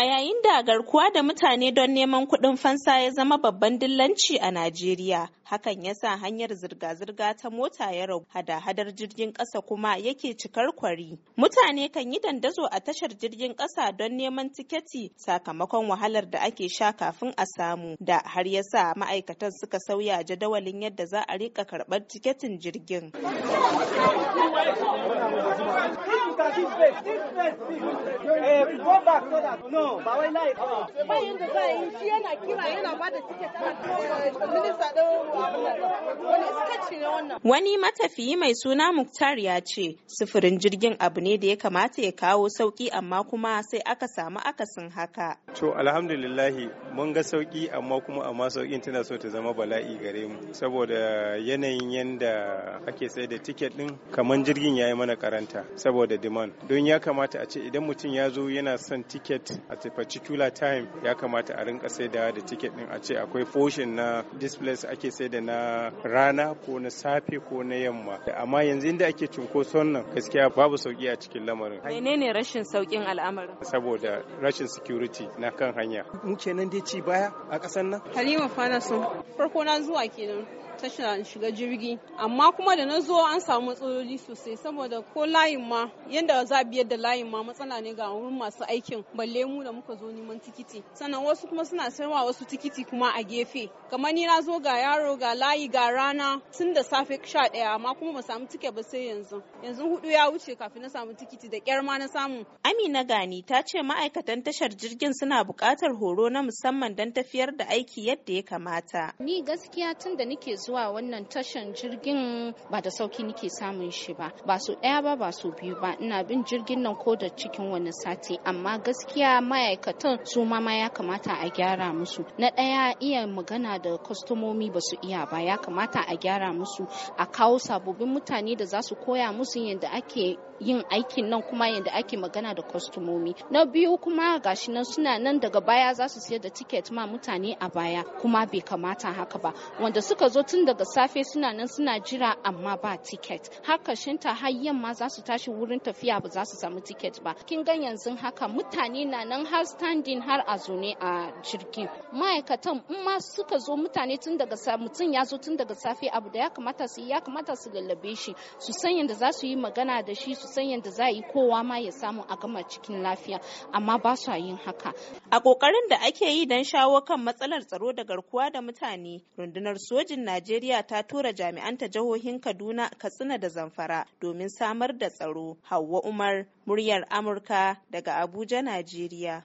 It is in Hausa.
A yayin da garkuwa da mutane don neman kuɗin fansa ya zama babban dillanci a Najeriya, hakan ya sa hanyar zirga-zirga ta mota ya ragu hada-hadar jirgin ƙasa kuma yake cikar kwari mutane kan yi dandazo a tashar jirgin ƙasa don neman tiketi sakamakon wahalar da ake sha kafin a samu da har ya sa ma'aikatan suka sauya jadawalin yadda za a rika karɓar tiketin jirgin eh, ba yana kira yana bada tiket minista Wani matafiyi mai suna Muktar ya ce, sufurin jirgin abu ne da ya kamata ya kawo sauki amma kuma sai aka samu akasin haka. To alhamdulillahi mun ga sauki amma kuma amma tana so ta zama bala'i gare mu saboda yanayin yanda ake sai da tiket din kamar jirgin ya yi mana karanta saboda demand. Don ya kamata a ce idan mutum ya zo yana son tiket a particular time ya kamata a rinka sai da tiket din a ce akwai portion na displays ake sai da na rana ko na safe ko na yamma amma yanzu inda ake cunkoson nan gaskiya babu sauki a cikin lamarin menene rashin saukin al'amarin saboda rashin security na kan hanya mu kenan dai ci baya a ƙasar nan halima fanaso farko na zuwa kenan na shiga jirgi amma kuma da na zo an samu matsaloli sosai saboda ko layin ma yadda za biyar da layin ma matsala ne ga wurin masu aikin balle mu da muka zo neman tikiti sannan wasu kuma suna sayarwa wasu tikiti kuma a gefe kamar ni na zo ga yaro ga layi ga rana tun da safe sha ɗaya amma kuma ba samu tike ba sai yanzu yanzu hudu ya wuce kafin na samu tikiti da kyar ma na samu amina gani ta ce ma'aikatan tashar jirgin suna buƙatar horo na musamman don tafiyar da aiki yadda ya kamata ni gaskiya tun da nike zuwa wannan tashar jirgin ba da sauki nike samun shi ba ba su ɗaya ba ba su biyu ba ina bin jirgin nan ko da cikin wani sati amma gaskiya ma'aikatan su ma ya kamata a gyara musu na ɗaya iya magana da kwastomomi ba su iya iya ba ya kamata a gyara musu a kawo sababbin mutane da za su koya musu yadda ake yin aikin nan kuma yadda ake magana da kwastomomi na biyu kuma gashi nan suna nan daga baya za su sayar da tiket ma mutane a baya kuma bai kamata haka ba wanda suka zo tun daga safe suna nan suna jira amma ba tiket haka shinta har yamma za su tashi wurin tafiya ba za su samu tiket ba kin gan yanzu haka mutane na nan har standing har a zone a jirgin ma'aikatan in ma suka zo mutane tun daga mutum ya zo tun daga safe abu da ya kamata su yi ya kamata su lallabe shi su san yadda za su yi magana da shi su san yadda za a yi kowa ma ya samu a gama cikin lafiya amma ba su yin haka a kokarin da ake yi don shawo kan matsalar tsaro da garkuwa da mutane rundunar sojin najeriya ta tura jami'an ta jihohin kaduna katsina da zamfara domin samar da tsaro hauwa umar muryar amurka daga abuja najeriya